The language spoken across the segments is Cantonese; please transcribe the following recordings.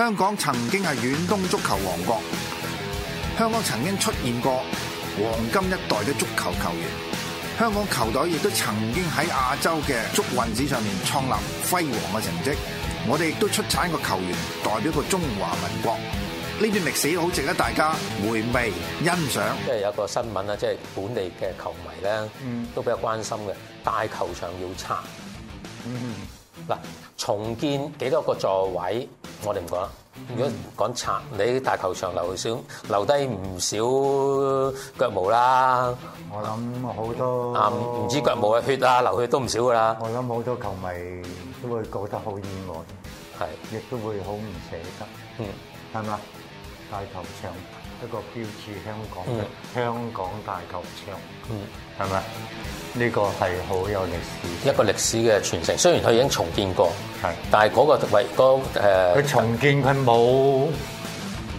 香港曾經係遠東足球王國，香港曾經出現過黃金一代嘅足球球員，香港球隊亦都曾經喺亞洲嘅足運史上面創立輝煌嘅成績。我哋亦都出產個球員代表個中華民國，呢段歷史好值得大家回味欣賞。即係有個新聞啦，即係本地嘅球迷咧都比較關心嘅，嗯，大球場要拆。嗯嗱，重建幾多個座位，我哋唔講啦。嗯、如果講拆，你大球場留少，留低唔少腳毛啦。我諗好多唔、啊、知腳毛嘅血啊，流血都唔少噶啦。我諗好多球迷都會覺得好意外，亦都會好唔捨得，嗯，係咪？大球場。一個標誌香港嘅香港大球場，嗯，係咪？呢個係好有歷史，一個歷史嘅傳承。雖然佢已經重建過，係，但係嗰個位，嗰誒，佢重建佢冇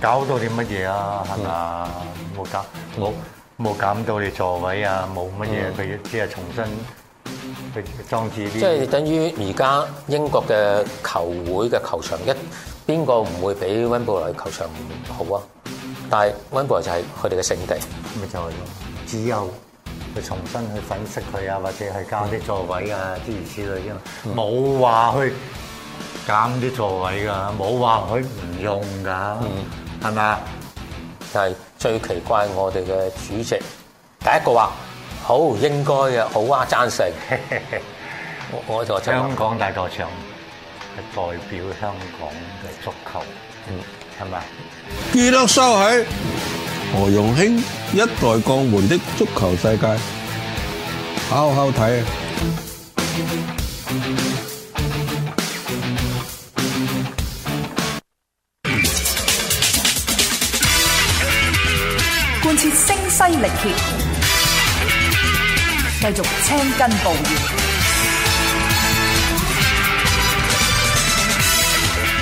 搞到啲乜嘢啊？係咪啊？冇搞冇冇減到你座位啊？冇乜嘢，佢只係重新佢裝置啲。即係等於而家英國嘅球會嘅球場，一邊個唔會比溫布萊球場好啊？但係温布利就係佢哋嘅聖地，咪就係只有去重新去粉飾佢啊，或者係加啲座位啊，諸如此類啫嘛。冇、嗯、話去減啲座位㗎，冇話佢唔用㗎，係咪啊？就係最奇怪，我哋嘅主席第一個話好應該嘅，好啊，贊成。 我我做香港大球場係代表香港嘅足球。嗯記得收起何容興一代鋼門的足球世界，好好睇啊！貫徹聲嘶力竭，繼續青筋暴現，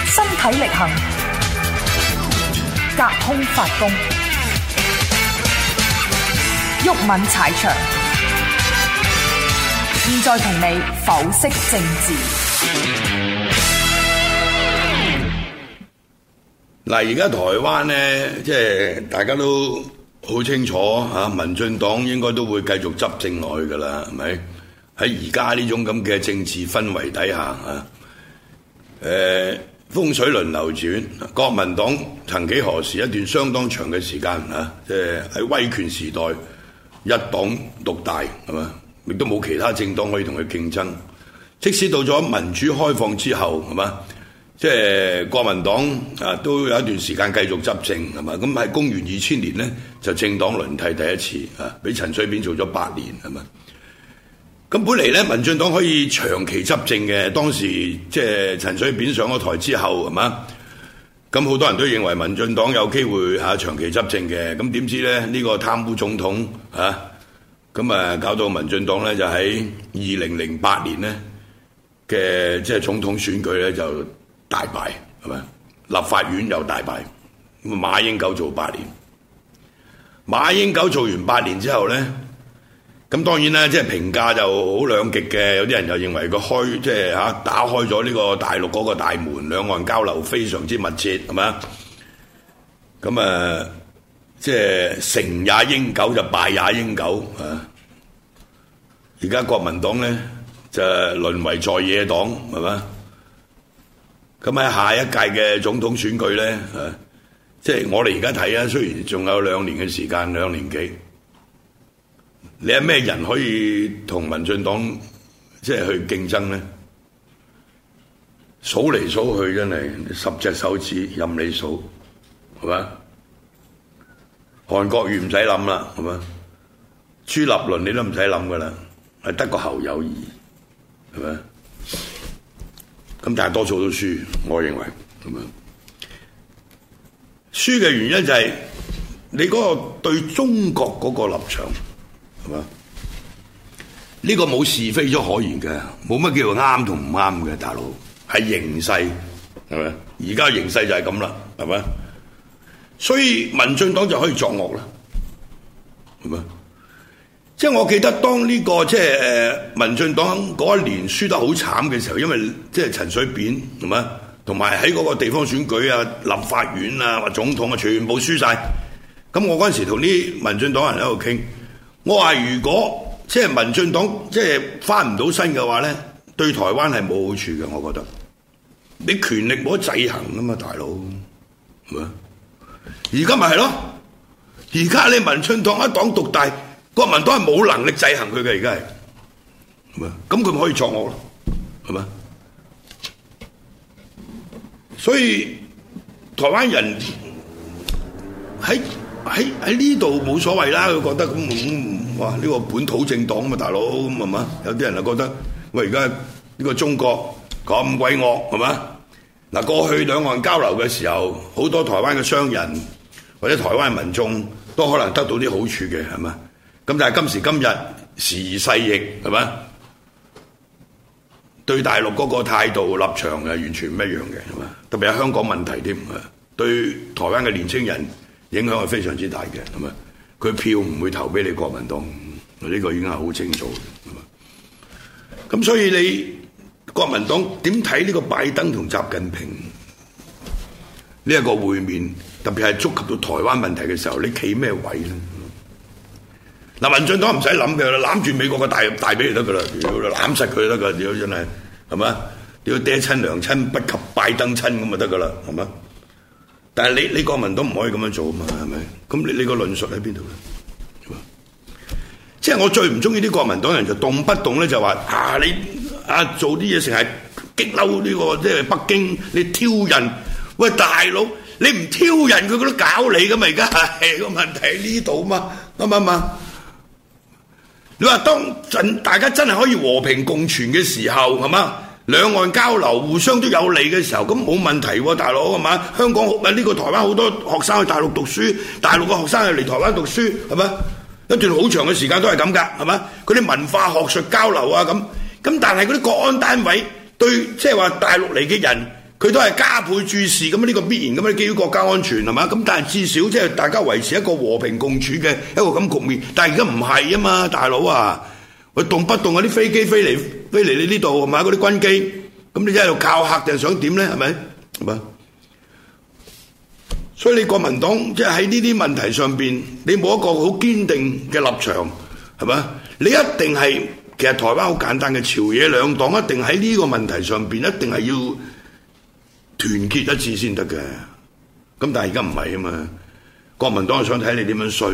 身體力行。隔空發功，毓民踩場。現在同你剖析政治。嗱，而家台灣呢，即係大家都好清楚吓，民進黨應該都會繼續執政落去㗎喇，係咪？喺而家呢種咁嘅政治氛圍底下吓，誒、呃。風水輪流轉，國民黨曾幾何時一段相當長嘅時間啊，即係喺威權時代一黨獨大係嘛，亦都冇其他政黨可以同佢競爭。即使到咗民主開放之後，係嘛，即係國民黨啊，都有一段時間繼續執政係嘛。咁喺公元二千年呢，就政黨輪替第一次啊，俾陳水扁做咗八年係嘛。咁本嚟咧，民進黨可以長期執政嘅，當時即係、就是、陳水扁上咗台之後，係嘛？咁好多人都認為民進黨有機會嚇長期執政嘅。咁點知咧，呢、這個貪污總統嚇，咁啊搞到民進黨咧就喺二零零八年呢嘅即係總統選舉咧就大敗係咪？立法院又大敗，馬英九做八年，馬英九做完八年之後咧。咁當然啦，即係評價就好兩極嘅，有啲人就認為佢開即係吓打開咗呢個大陸嗰個大門，兩岸交流非常之密切，係咪啊？咁啊，即係成也英九就敗也英九啊！而家國民黨呢，就淪為在野黨，係咪啊？咁喺下一屆嘅總統選舉呢，啊，即係我哋而家睇啊，雖然仲有兩年嘅時間，兩年幾。你係咩人可以同民進黨即係去競爭呢？數嚟數去真係十隻手指任你數，係咪啊？韓國瑜唔使諗啦，係咪啊？朱立倫你都唔使諗噶啦，係得個侯友宜，係咪啊？咁大多數都輸，我認為咁樣。輸嘅原因就係你嗰個對中國嗰個立場。呢個冇是非咗可言嘅，冇乜叫做啱同唔啱嘅，大佬係形勢係咪？而家形勢就係咁啦，係咪？所以民進黨就可以作惡啦，係咪？即係我記得當呢個即係誒民進黨嗰一年輸得好慘嘅時候，因為即係陳水扁係咪？同埋喺嗰個地方選舉啊、立法院啊、或總統啊，全部輸晒。咁我嗰陣時同啲民進黨人喺度傾。我話如果即係民進黨即係翻唔到身嘅話咧，對台灣係冇好處嘅，我覺得你權力冇得制衡啊嘛，大佬係嘛？而家咪係咯，而家你民進黨一黨獨大，國民黨係冇能力制衡佢嘅，而家係係嘛？咁佢咪可以作惡咯，係咪？所以台灣人喺。喺喺呢度冇所謂啦，佢覺得咁、嗯、哇呢、呢個本土政黨啊嘛，大佬咁係嘛？有啲人就覺得喂，而家呢個中國咁鬼惡係嘛？嗱，過去兩岸交流嘅時候，好多台灣嘅商人或者台灣民眾都可能得到啲好處嘅係嘛？咁但係今時今日時移世易係嘛？對大陸嗰個態度立場係完全唔一樣嘅係嘛？特別係香港問題添啊，對台灣嘅年輕人。影響係非常之大嘅，係咪？佢票唔會投俾你國民黨，呢、嗯呢個已經係好清楚，咁所以你國民黨點睇呢個拜登同習近平呢一個會面，特別係觸及到台灣問題嘅時候，你企咩位咧？嗱，民進黨唔使諗嘅，攬住美國嘅大大髀就得噶啦，屌攬實佢得噶，屌真係係咪啊？屌爹親娘親不及拜登親咁就得噶啦，係咪？但係你你國民黨唔可以咁樣做啊嘛，係咪？咁你你個論述喺邊度咧？即係我最唔中意啲國民黨人就動不動咧就話啊，你啊做啲嘢成日激嬲呢個即係北京，你挑釁。喂大佬，你唔挑釁，佢都搞你噶嘛，而家係個問題喺呢度啊嘛，啱唔啱？你話當真大家真係可以和平共存嘅時候係嗎？兩岸交流互相都有利嘅時候，咁冇問題喎、啊，大佬係嘛？香港呢、呢個台灣好多學生去大陸讀書，大陸嘅學生又嚟台灣讀書，係嘛？一段好長嘅時間都係咁㗎，係嘛？佢啲文化學術交流啊，咁咁，但係佢啲國安單位對即係話大陸嚟嘅人，佢都係加倍注視咁呢、呢個必然咁嘛，基於國家安全係嘛？咁但係至少即係大家維持一個和平共處嘅一個咁局面，但係而家唔係啊嘛，大佬啊！佢動不動嗰啲飛機飛嚟飛嚟你呢度，買嗰啲軍機，咁你一路靠吓定係想點咧？係咪？係嘛？所以你國民黨即係喺呢啲問題上邊，你冇一個好堅定嘅立場，係嘛？你一定係其實台灣好簡單嘅，朝野兩黨，一定喺呢個問題上邊，一定係要團結一致先得嘅。咁但係而家唔係啊嘛，國民黨係想睇你點樣衰。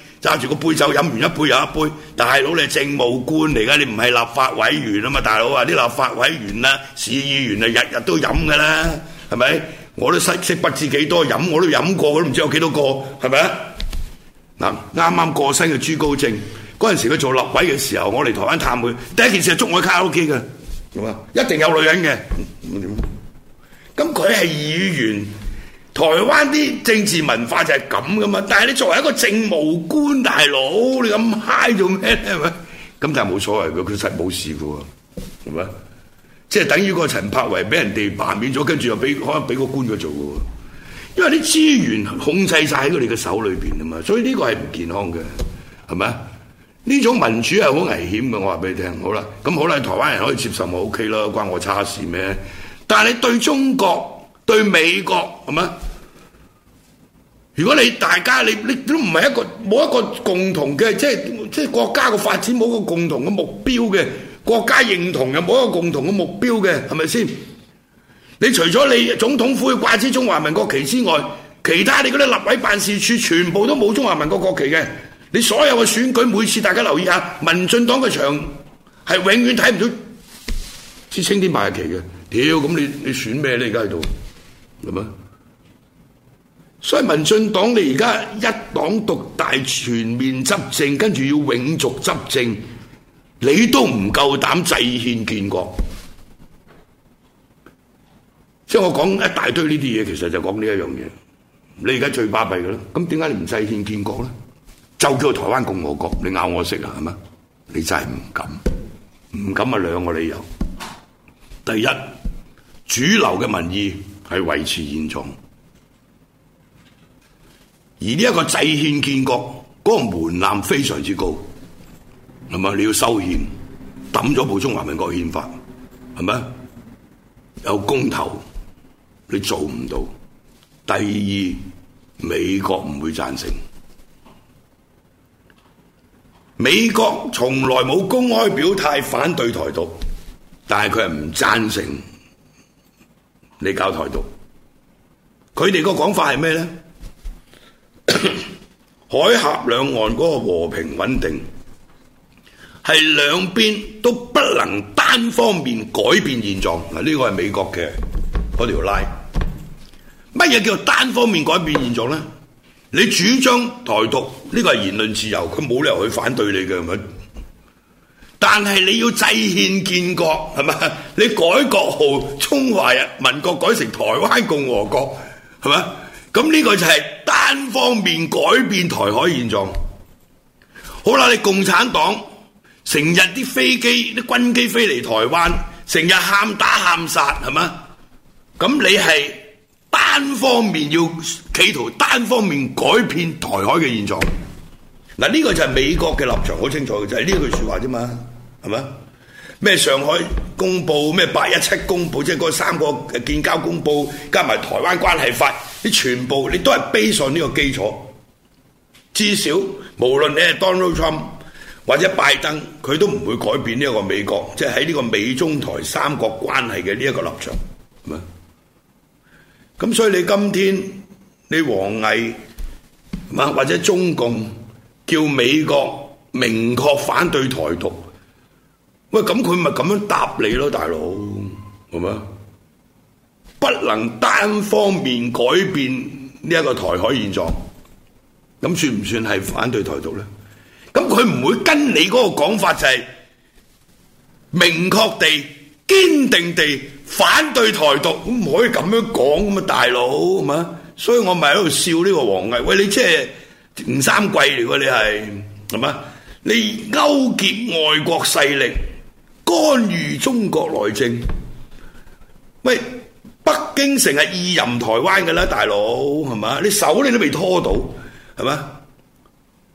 揸住個杯酒飲完一杯又一杯，大佬你係政務官嚟噶，你唔係立法委員啊嘛，大佬啊啲立法委員啊、市議員啊日日都飲噶啦，係咪？我都識識不知幾多飲，我都飲過，我都唔知有幾多個，係咪啊？嗱，啱啱過身嘅朱高正，嗰陣時佢做立委嘅時候，我嚟台灣探佢，第一件事係捉我去卡拉 OK 㗎，係嘛？一定有女人嘅，咁點？咁佢係議員。台灣啲政治文化就係咁噶嘛，但係你作為一個政務官大佬，你咁嗨做咩咧？係咪？咁但係冇所謂嘅，佢實冇事嘅喎，係咪？即係等於個陳柏惟俾人哋罷免咗，跟住又俾可能俾個官佢做嘅喎，因為啲資源控制晒喺佢哋嘅手裏面啊嘛，所以呢個係唔健康嘅，係咪？呢種民主係好危險嘅，我話俾你聽。好啦，咁好啦，台灣人可以接受咪 OK 啦，關我叉事咩？但係你對中國，對美國係嘛？如果你大家你你都唔係一個冇一個共同嘅，即係國家嘅發展冇一個共同嘅目標嘅，國家認同又冇一個共同嘅目標嘅係咪先？你除咗你總統府掛支中華民國旗之外，其他你嗰啲立委辦事處全部都冇中華民國國旗嘅。你所有嘅選舉每次大家留意一下，民進黨嘅場係永遠睇唔到支青天白日旗嘅。屌、哎、咁你，你選選咩你而家喺度？所以民進黨你而家一黨獨大，全面執政，跟住要永續執政，你都唔夠膽制憲建國。即係我講一大堆呢啲嘢，其實就講呢一樣嘢。你而家最巴閉嘅啦，咁點解你唔制憲建國咧？就叫台灣共和國，你咬我食啊？係嘛？你真係唔敢，唔敢啊！兩個理由：第一，主流嘅民意。係維持現狀，而呢一個制憲建國嗰個門檻非常之高，係嘛？你要修憲抌咗部中華民國憲法，係咪？有公投你做唔到。第二，美國唔會贊成。美國從來冇公開表態反對台獨，但係佢係唔贊成。你搞台獨，佢哋個講法係咩咧？海峽兩岸嗰個和平穩定係兩邊都不能單方面改變現狀。嗱，呢個係美國嘅嗰條拉。乜嘢叫單方面改變現狀咧？你主張台獨呢個係言論自由，佢冇理由去反對你嘅，係咪？但係你要制憲建國係嘛？你改國號，中華民國改成台灣共和國係嘛？咁呢個就係單方面改變台海現狀。好啦，你共產黨成日啲飛機、啲軍機飛嚟台灣，成日喊打喊殺係嘛？咁你係單方面要企圖單方面改變台海嘅現狀嗱？呢個就係美國嘅立場，好清楚嘅就係呢句說話啫嘛。係咪啊？咩上海公報咩八一七公報，即係嗰三個建交公報，加埋台灣關係法，你全部，你都係 base 上呢個基礎。至少，無論你係 Donald Trump 或者拜登，佢都唔會改變呢一個美國，即係喺呢個美中台三角關係嘅呢一個立場，係咪？咁所以你今天你王毅，或者中共叫美國明確反對台獨。喂，咁佢咪咁樣答你咯，大佬，係咪？不能單方面改變呢一個台海現狀，咁算唔算係反對台獨咧？咁佢唔會跟你嗰個講法，就係明確地、堅定地反對台獨，咁唔可以咁樣講咁啊，大佬，係嘛？所以我咪喺度笑呢個王毅，喂，你即係吳三桂嚟嘅，你係係嘛？你勾結外國勢力。干預中國內政，喂，北京成日意淫台灣噶啦，大佬，係嘛？你手你都未拖到，係嘛？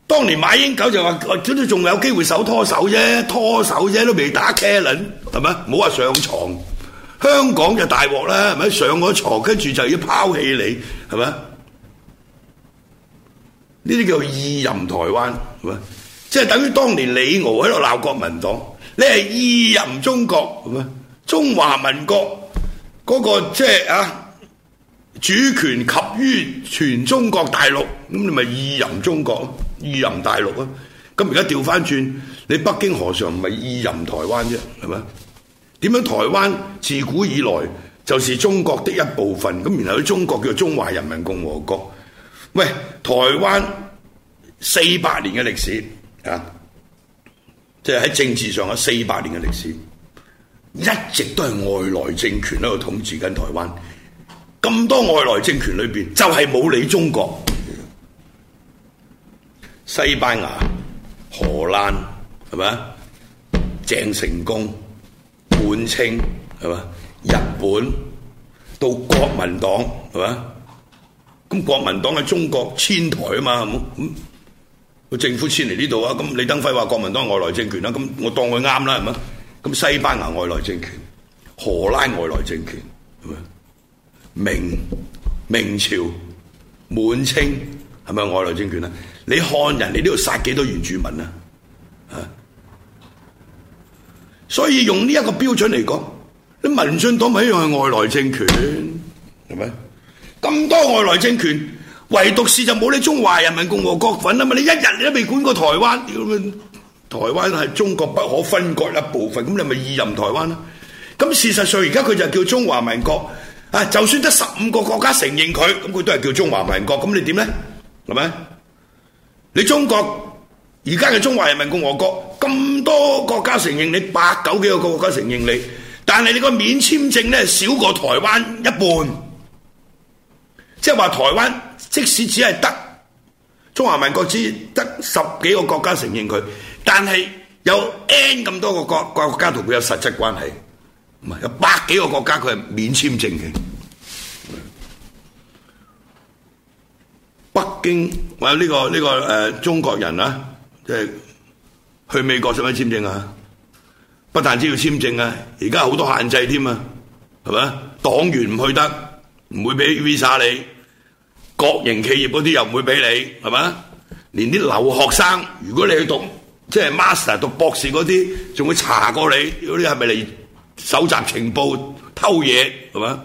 當年馬英九就話，總之仲有機會手拖手啫，拖手啫都未打茄輪，係嘛？唔好話上床，香港就大鑊啦，係咪？上咗床，跟住就要拋棄你，係嘛？呢啲叫意淫台灣，係嘛？即係等於當年李敖喺度鬧國民黨。你係意淫中國是中華民國嗰、那個即係、就是、啊，主權及於全中國大陸，咁你咪意淫中國、意淫大陸啊？咁而家調翻轉，你北京何嘗唔係意淫台灣啫，係嘛？點樣台灣自古以來就是中國的一部分，咁然後喺中國叫做中華人民共和國。喂，台灣四百年嘅歷史啊！即係喺政治上有四百年嘅歷史，一直都係外來政權喺度統治緊台灣。咁多外來政權裏邊，就係、是、冇理中國、西班牙、荷蘭係咪啊？鄭成功、滿清係咪？日本到國民黨係咪？咁國民黨喺中國遷台啊嘛，咁。個政府遷來呢度咁，李登輝話國民黨係外來政權，我當佢啱啦，係咪？西班牙外來政權、荷蘭外來政權，明、明朝滿清係咪外來政權？你漢人嚟呢度殺幾多原住民，啊、所以用這個標準來說，你民進黨咪一樣係外來政權，係咪？咁多外來政權。唯獨是就冇你中華人民共和國份啊嘛！你一日你都未管過台灣，台灣係中國不可分割一部分，咁你咪意淫台灣啦。咁事實上而家佢就叫中華民國啊！就算得十五個國家承認佢，咁佢都係叫中華民國。咁你點咧？係咪？你中國而家嘅中華人民共和國咁多國家承認你，八九幾個國家承認你，但係你個免簽證咧少過台灣一半，即係話台灣，即使只係得中華民國只得十幾個國家承認佢，但係有 N 咁多個國國家同佢有實質關係，唔係有百幾個國家佢係免簽證嘅。北京或者呢個呢個誒中國人啊，即係去美國使乜簽證啊？不但只要簽證啊，而家好多限制添啊，係咪？黨員唔去得，唔會俾 visa 你。國營企業嗰啲又唔會俾你，係嘛？連啲留學生，如果你去讀即係 master 讀博士嗰啲，仲會查過你嗰啲係咪嚟蒐集情報偷嘢，係嘛？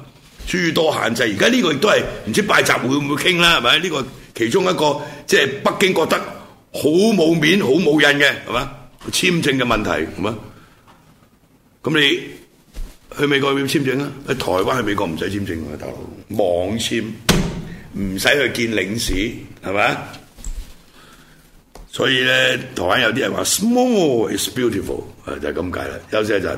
諸多限制。而家呢個亦都係唔知拜習會唔會傾啦，係咪？呢個其中一個即係北京覺得好冇面、好冇癮嘅，係嘛？簽證嘅問題，係嘛？咁你去美國要簽證啊？喺台灣去美國唔使簽證㗎，大佬，網簽。唔使去見領事，係咪？所以呢，台灣有啲人話 Small is beautiful，就係咁解啦。休息一陣。